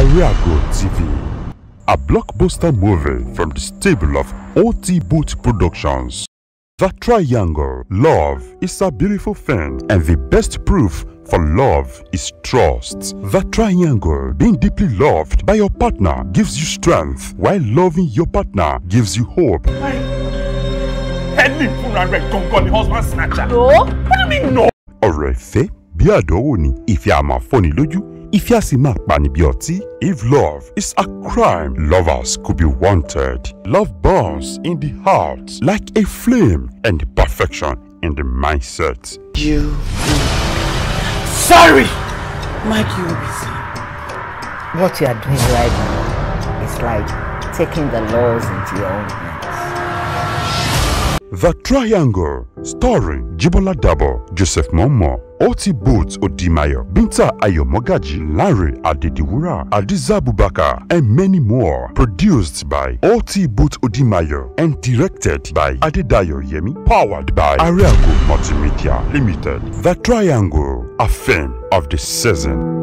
Ariago TV, a blockbuster movie from the stable of OT Boot Productions. The triangle, love, is a beautiful thing and the best proof for love is trust. The triangle, being deeply loved by your partner gives you strength while loving your partner gives you hope. husband snatcher. No. What do you mean no? Ọ̀rọ̀ ìfẹ́ bí àdánwò ni ìfẹ́ lójú Ìfẹ́ a sì máa pani bí ọtí. If love is a crime, lovers could be wanted. Love burns in the heart like a flame and perfection in the mindset. You. Sorry! Mike, you be sorry. What you are doing right now is like taking the laws into your own hands. The Triangle starring Jibola Dabo, Joseph Momo, Oti Boots Odimayo, Binta Ayomogaji, Larry Adediwura, Adiza Abubakar, and many more. Produced by Oti Boots Odimayo and directed by Adedayo Yemi. Powered by Ariago Multimedia Limited. The Triangle, a fan of the season.